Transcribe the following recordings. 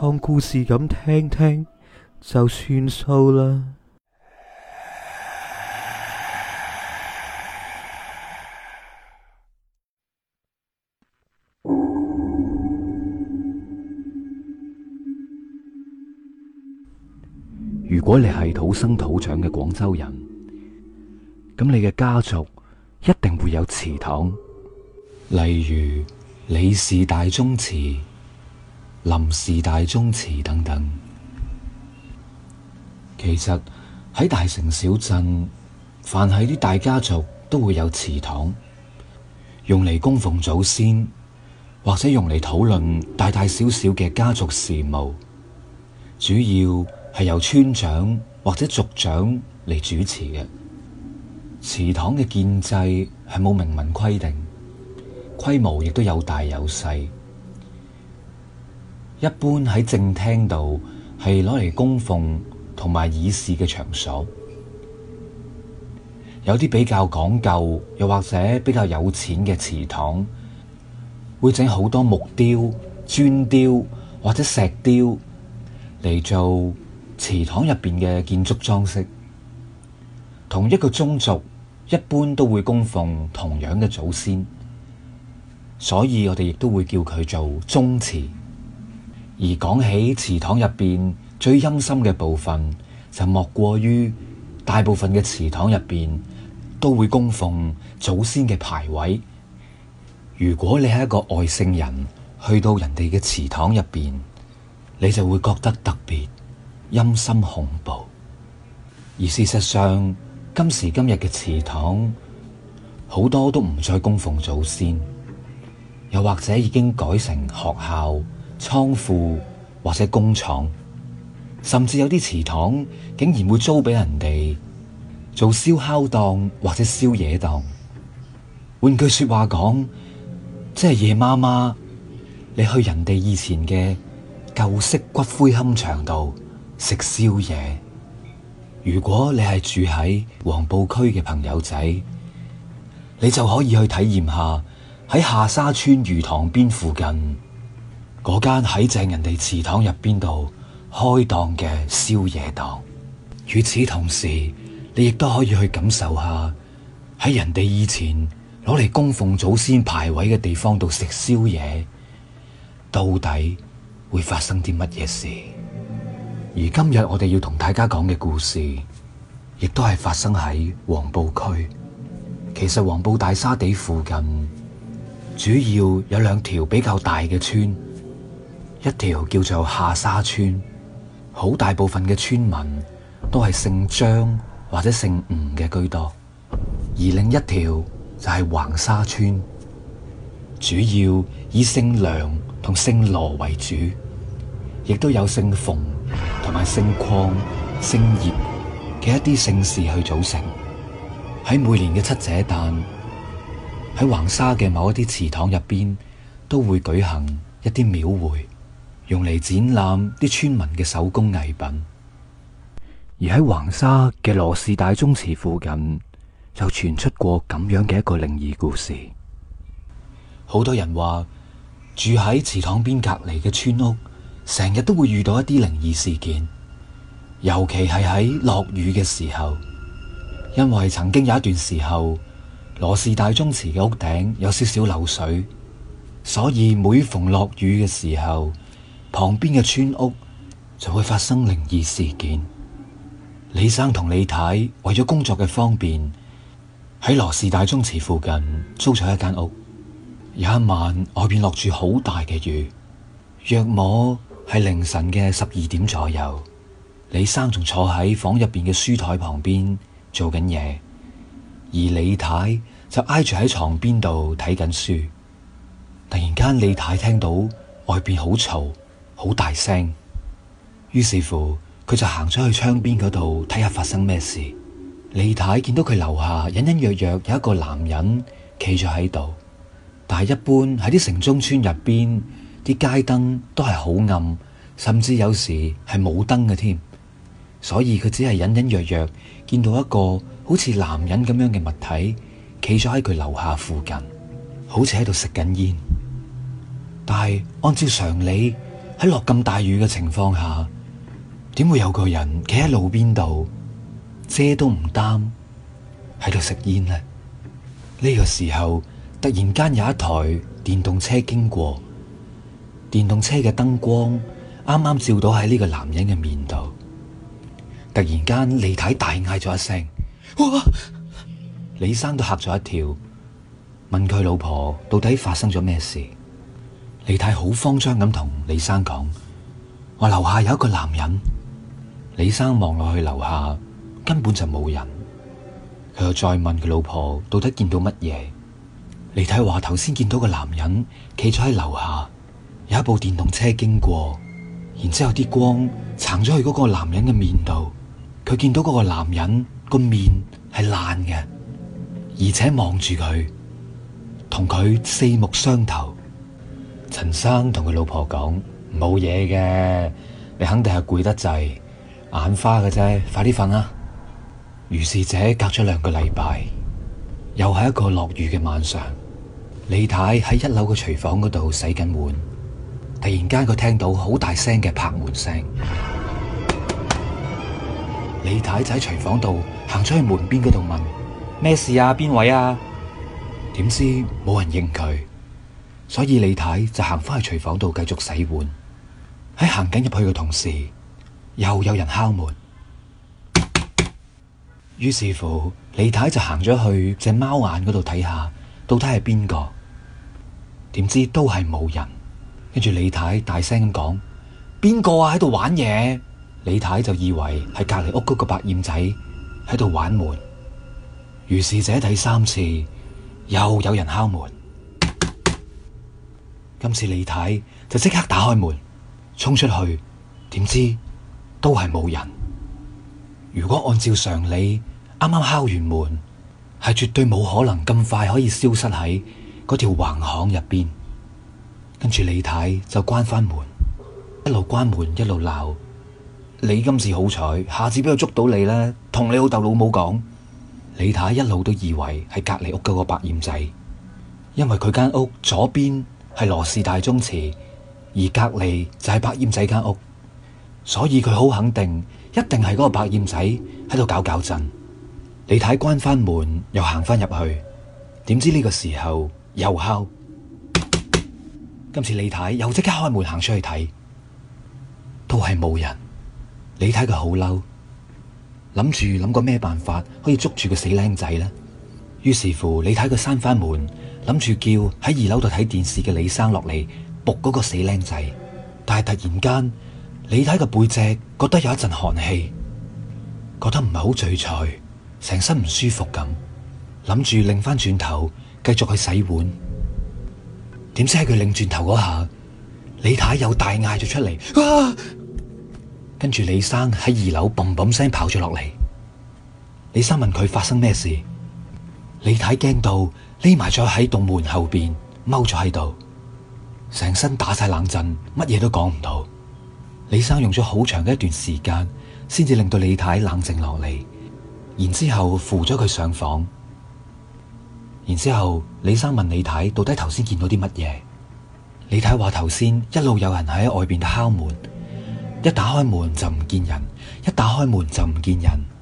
當故事咁聽聽就算數啦。如果你係土生土長嘅廣州人，咁你嘅家族一定會有祠堂，例如李氏大宗祠。臨時大宗祠等等，其實喺大城小鎮，凡係啲大家族都會有祠堂，用嚟供奉祖先，或者用嚟討論大大小小嘅家族事務。主要係由村長或者族長嚟主持嘅。祠堂嘅建制係冇明文規定，規模亦都有大有細。一般喺正廳度係攞嚟供奉同埋議事嘅場所，有啲比較講究又或者比較有錢嘅祠堂，會整好多木雕、磚雕或者石雕嚟做祠堂入邊嘅建築裝飾。同一個宗族一般都會供奉同樣嘅祖先，所以我哋亦都會叫佢做宗祠。而講起祠堂入邊最陰森嘅部分，就莫過於大部分嘅祠堂入邊都會供奉祖先嘅牌位。如果你係一個外姓人，去到人哋嘅祠堂入邊，你就會覺得特別陰森恐怖。而事實上，今時今日嘅祠堂好多都唔再供奉祖先，又或者已經改成學校、倉庫或者工廠，甚至有啲祠堂竟然會租俾人哋做燒烤檔或者宵夜檔。換句說話講，即係夜媽媽，你去人哋以前嘅舊式骨灰龕場度食宵夜。如果你係住喺黃埔區嘅朋友仔，你就可以去體驗下喺下沙村魚塘邊附近嗰間喺正人哋祠堂入邊度開檔嘅宵夜檔，與此同時，你亦都可以去感受下喺人哋以前攞嚟供奉祖先牌位嘅地方度食宵夜，到底會發生啲乜嘢事？而今日我哋要同大家講嘅故事，亦都係發生喺黃埔區。其實黃埔大沙地附近主要有兩條比較大嘅村。一條叫做下沙村，好大部分嘅村民都係姓張或者姓吳嘅居多；而另一條就係橫沙村，主要以姓梁同姓羅為主，亦都有姓馮同埋姓鄺、姓葉嘅一啲姓氏去組成。喺每年嘅七姐誕，喺橫沙嘅某一啲祠堂入邊，都會舉行一啲廟會。用嚟展覽啲村民嘅手工藝品，而喺橫沙嘅羅氏大宗祠附近，又傳出過咁樣嘅一個靈異故事。好多人話住喺祠堂邊隔籬嘅村屋，成日都會遇到一啲靈異事件，尤其係喺落雨嘅時候。因為曾經有一段時候，羅氏大宗祠嘅屋頂有少少漏水，所以每逢落雨嘅時候，旁邊嘅村屋就會發生靈異事件。李生同李太為咗工作嘅方便，喺羅氏大宗祠附近租咗一間屋。有一晚，外邊落住好大嘅雨，約摸係凌晨嘅十二點左右。李生仲坐喺房入邊嘅書台旁邊做緊嘢，而李太就挨住喺床邊度睇緊書。突然間，李太聽到外邊好嘈。好大聲，於是乎佢就行咗去窗邊嗰度睇下發生咩事。李太見到佢樓下隱隱約約有一個男人企咗喺度，但係一般喺啲城中村入邊，啲街燈都係好暗，甚至有時係冇燈嘅添，所以佢只係隱隱約約見到一個好似男人咁樣嘅物體企咗喺佢樓下附近，好似喺度食緊煙。但係按照常理，喺落咁大雨嘅情況下，點會有個人企喺路邊度遮都唔擔喺度食煙呢？呢、個時候突然間有一台電動車經過，電動車嘅燈光啱啱照到喺呢個男人嘅面度。突然間，李太大嗌咗一聲：哇！李生都吓咗一跳，問佢老婆到底發生咗咩事？李太好慌張咁同李生講：話樓下有一個男人。李生望落去樓下，根本就冇人。佢又再問佢老婆到底見到乜嘢？李太話頭先見到個男人企咗喺樓下，有一部電動車經過，然之後啲光撐咗去嗰個男人嘅面度，佢見到嗰個男人個面係爛嘅，而且望住佢，同佢四目相投。陳生同佢老婆講，冇嘢嘅，你肯定係攰得滯、眼花嘅啫，快啲瞓啦。於是者隔咗兩個禮拜，又係一個落雨嘅晚上。李太喺一樓嘅廚房嗰度洗緊碗，突然間佢聽到好大聲嘅拍門聲。李太就喺廚房度行出去門邊嗰度問咩事啊？邊位啊？點知冇人應佢。所以李太就行翻去廚房度繼續洗碗。喺行緊入去嘅同時，又有人敲門。於是乎，李太就行咗去隻貓眼嗰度睇下，到底係邊個？點知都係冇人。跟住李太大聲咁講：邊個啊喺度玩嘢？李太就以為係隔籬屋嗰個白燕仔喺度玩門。於是者第三次又有人敲門。今次李太就即刻打開門衝出去，點知都係冇人。如果按照常理，啱啱敲完門係絕對冇可能咁快可以消失喺嗰條橫巷入邊。跟住李太就關翻門，一路關門一路鬧。你今次好彩，下次俾佢捉到你呢？同你老豆老母講。李太一路都以為係隔籬屋嗰個白燕仔，因為佢間屋左邊，係羅氏大宗祠，而隔籬就係白煙仔間屋，所以佢好肯定，一定係嗰個白煙仔喺度搞搞震。李太關翻門又行翻入去，點知呢個時候又敲。今次李太又即刻開門行出去睇，都係冇人。李太佢好嬲，諗住諗個咩辦法可以捉住個死僆仔呢？於是乎，李太佢閂翻門。諗住叫喺二樓度睇電視嘅李生落嚟，扑嗰個死僆仔。但係突然間，李太個背脊覺得有一陣寒氣，覺得唔係好聚財，成身唔舒服咁。諗住擰翻轉頭，繼續去洗碗。點知喺佢擰轉頭嗰下，李太又大嗌咗出嚟，啊、跟住李生喺二樓嘭嘭聲跑咗落嚟。李生問佢發生咩事？李太驚到匿埋咗喺棟門後邊，踎咗喺度，成身打晒冷震，乜嘢都講唔到。李生用咗好長嘅一段時間，先至令到李太冷靜落嚟，然之後扶咗佢上房，然之後李生問李太到底頭先見到啲乜嘢？李太話頭先一路有人喺外邊敲門，一打開門就唔見人，一打開門就唔見人。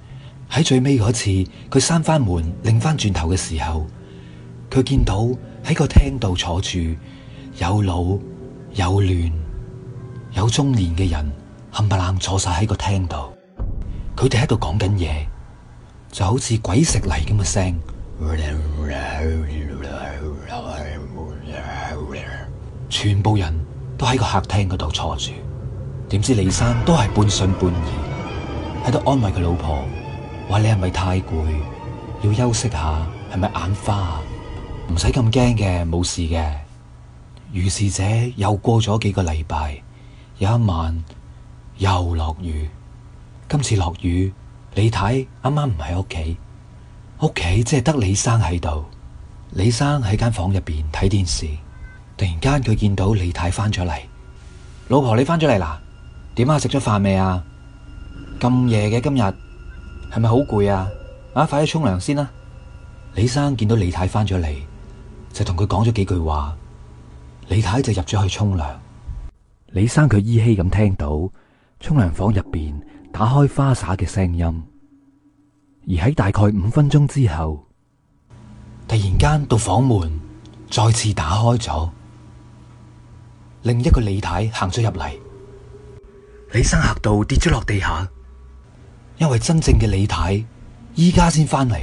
喺最尾嗰次，佢閂翻門，擰翻轉頭嘅時候，佢見到喺個廳度坐住有老有嫩有中年嘅人冚唪唥坐晒喺個廳度，佢哋喺度講緊嘢，就好似鬼食泥咁嘅聲。全部人都喺個客廳嗰度坐住，點知李生都係半信半疑，喺度安慰佢老婆。話你係咪太攰，要休息下？係咪眼花？唔使咁驚嘅，冇事嘅。如是者又過咗幾個禮拜，有一晚又落雨。今次落雨，李太啱啱唔喺屋企，屋企即係得李生喺度。李生喺間房入邊睇電視，突然間佢見到李太翻咗嚟。老婆，你翻咗嚟啦？點啊？食咗飯未啊？咁夜嘅，今日。係咪好攰啊？啊，快啲沖涼先啦！李生見到李太翻咗嚟，就同佢講咗幾句話。李太就入咗去沖涼。李生佢依稀咁聽到沖涼房入邊打開花灑嘅聲音，而喺大概五分鐘之後，突然間到房門再次打開咗，另一個李太行咗入嚟。李生嚇到跌咗落地下。因為真正嘅李太依家先翻嚟，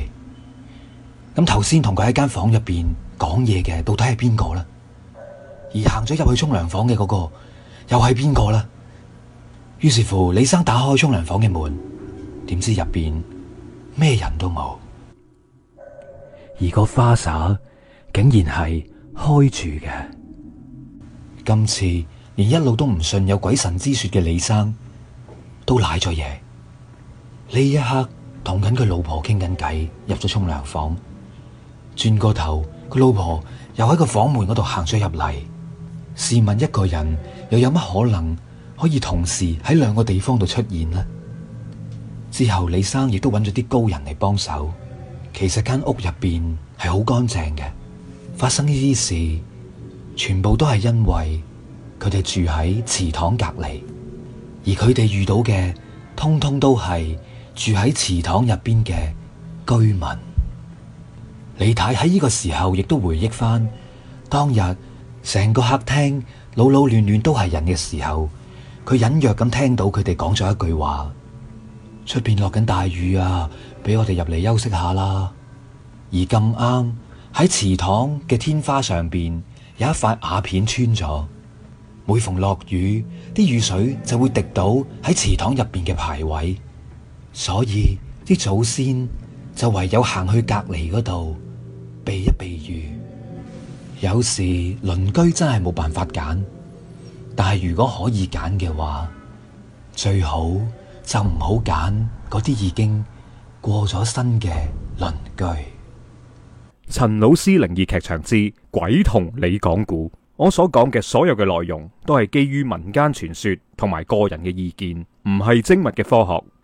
咁頭先同佢喺間房入邊講嘢嘅，到底係邊個呢？而行咗入去沖涼房嘅嗰個，又係邊個呢？於是乎，李生打開沖涼房嘅門，點知入邊咩人都冇，而個花灑竟然係開住嘅。今次連一路都唔信有鬼神之說嘅李生都瀨咗嘢。呢一刻同緊佢老婆傾緊偈，入咗沖涼房，轉個頭，佢老婆又喺個房門嗰度行咗入嚟。試問一個人又有乜可能可以同時喺兩個地方度出現呢？之後李生亦都揾咗啲高人嚟幫手。其實間屋入邊係好乾淨嘅，發生呢啲事，全部都係因為佢哋住喺祠堂隔籬，而佢哋遇到嘅通通都係。住喺祠堂入邊嘅居民，李太喺呢個時候亦都回憶翻當日成個客廳老老亂亂都係人嘅時候，佢隱約咁聽到佢哋講咗一句話：出邊落緊大雨啊，俾我哋入嚟休息下啦。而咁啱喺祠堂嘅天花上邊有一塊瓦片穿咗，每逢落雨，啲雨水就會滴到喺祠堂入邊嘅牌位。所以啲祖先就唯有行去隔離嗰度避一避雨。有時鄰居真係冇辦法揀，但係如果可以揀嘅話，最好就唔好揀嗰啲已經過咗身嘅鄰居。陳老師靈異劇場之「鬼同你講古」，我所講嘅所有嘅內容都係基於民間傳說同埋個人嘅意見，唔係精密嘅科學。